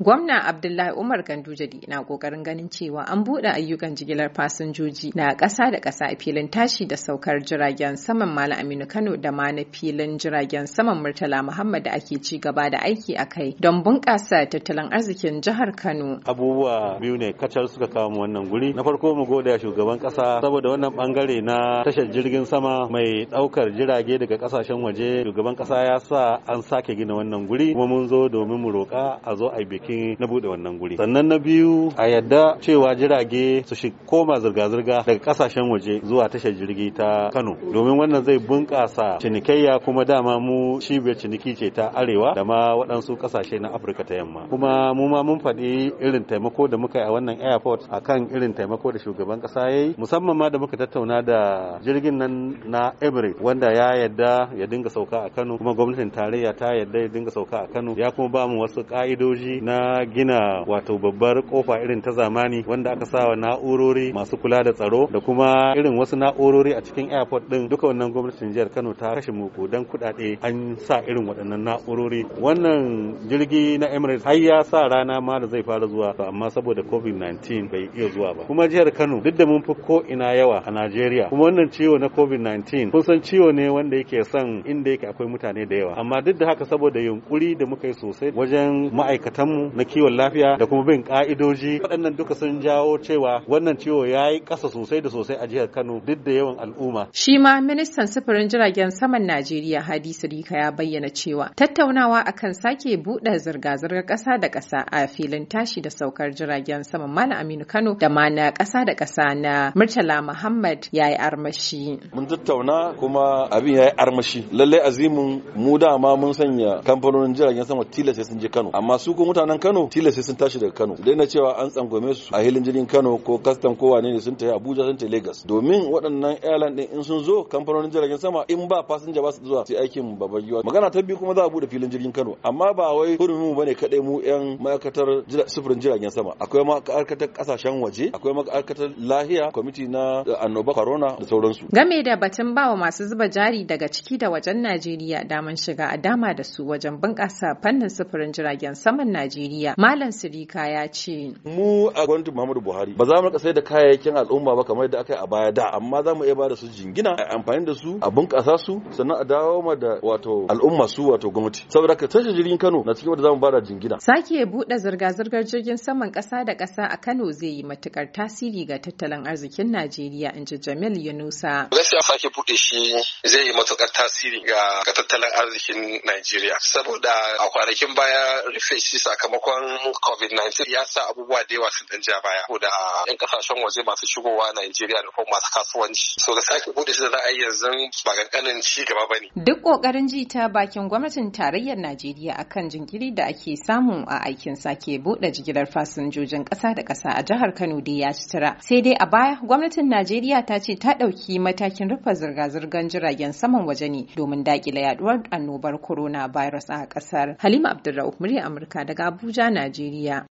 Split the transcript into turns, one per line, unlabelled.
Gwamna Abdullahi Umar Gandujadi na kokarin ganin cewa an buɗe ayyukan jigilar fasinjoji na ƙasa da ƙasa a filin tashi da saukar jiragen saman Malam Aminu Kano da ma na filin jiragen saman Murtala Muhammad da ake ci gaba da aiki a kai don bunƙasa tattalin arzikin jihar Kano.
Abubuwa biyu ne kacal suka kawo mu wannan guri. Na farko mu gode shugaban ƙasa saboda wannan bangare na tashar jirgin sama mai ɗaukar jirage daga ƙasashen waje. Shugaban ƙasa ya sa an sake gina wannan guri kuma mun zo domin mu roƙa a zo a biki. mataki na bude wannan guri sannan na biyu a yadda cewa jirage su shi koma zirga-zirga daga kasashen waje zuwa tashar jirgi ta kano domin wannan zai bunkasa cinikayya kuma dama mu cibiyar ciniki ce ta arewa da ma waɗansu kasashe na afirka ta yamma kuma mu ma mun faɗi irin taimako da muka yi a wannan airport kan irin taimako da shugaban ƙasa ya yi musamman ma da muka tattauna da jirgin nan na emirates wanda ya yadda ya dinga sauka a kano kuma gwamnatin tarayya ta yadda ya dinga sauka a kano ya kuma ba mu wasu ƙa'idoji na na gina wato babbar kofa irin ta zamani wanda aka sawa na'urori masu kula da tsaro da kuma irin wasu na'urori a cikin airport din duka wannan gwamnatin jihar Kano ta kashe muku dan kuɗaɗe an sa irin waɗannan na'urori wannan jirgi na Emirates har ya sa rana ma da zai fara zuwa amma saboda COVID-19 bai iya zuwa ba kuma jihar Kano duk da mun fi ko ina yawa a Najeriya kuma wannan ciwo na COVID-19 kun san ciwo ne wanda yake son inda yake akwai mutane da yawa amma duk da haka saboda yunkuri da muka yi sosai wajen ma'aikatanmu na kiwon lafiya da kuma bin ka'idoji waɗannan duka sun jawo cewa wannan ciwo ya yi ƙasa sosai da sosai a jihar Kano duk da yawan al'umma.
Shi ma ministan sufurin jiragen saman Najeriya Hadi Rika ya bayyana cewa tattaunawa akan sake buɗe zirga-zirgar ƙasa da ƙasa a filin tashi da saukar jiragen saman Malam Aminu Kano da ma na ƙasa da ƙasa na Murtala Muhammad ya yi armashi. Mun
tattauna kuma abin ya yi armashi. Lallai azimin mu dama mun sanya kamfanonin jiragen sama tilasta sun je Kano amma su ko mutanen nan Kano tilas sai sun tashi daga Kano daina cewa an tsangwame su a hilin jirgin Kano ko kastam ko wane ne sun tafi Abuja sun tafi Lagos domin waɗannan airline din in sun zo kamfanonin jiragen sama in ba passenger ba su zuwa sai aikin babban giwa magana ta biyu kuma za a bude filin jirgin Kano amma ba wai hurumin mu bane kadai mu yan ma'aikatar sufurin jiragen sama akwai ma'aikatar kasashen waje akwai ma'aikatar lahiya kwamiti na eh, annoba corona da sauransu
game da batun bawa masu zuba jari daga ciki da wajen Najeriya daman shiga a dama da su wajen bunƙasa fannin sufurin jiragen saman Najeriya Najeriya. Malam Sirika ya ce.
Mu a gwamnatin Muhammadu Buhari ba za mu rika da kayayyakin al'umma ba kamar yadda aka yi a baya da amma za mu iya bada su jingina a amfani da su a bunƙasa su sannan a dawo ma da wato al'umma su wato gwamnati. Saboda ka tashar jirgin Kano na cikin wanda za mu bada jingina.
Sake buɗe zirga-zirgar jirgin saman ƙasa da ƙasa a Kano zai yi matukar tasiri ga tattalin arzikin Najeriya in ji Jamil Yunusa.
Gaskiya sake buɗe shi zai yi matukar tasiri ga tattalin arzikin Najeriya saboda a kwanakin baya rufe shi sakamakon sakamakon covid-19 ya sa abubuwa da yawa sun danja baya da ah, yan kasashen waje masu shigowa Najeriya da kuma masu kasuwanci so da sake bude shi da za yi yanzu ba kankanin ci gaba bane
duk kokarin ji ta bakin gwamnatin tarayyar Najeriya akan jinkiri da ake samu a aikin sake bude jigilar fasinjojin kasa da kasa a jihar Kano da ya sutura sai dai a baya gwamnatin Najeriya ta ce ta dauki matakin rufe zirga-zirgar jiragen saman waje ne domin dakile yaduwar annobar Corona coronavirus a kasar Halima Abdulrauf murya Amurka daga Abuja, Najeriya.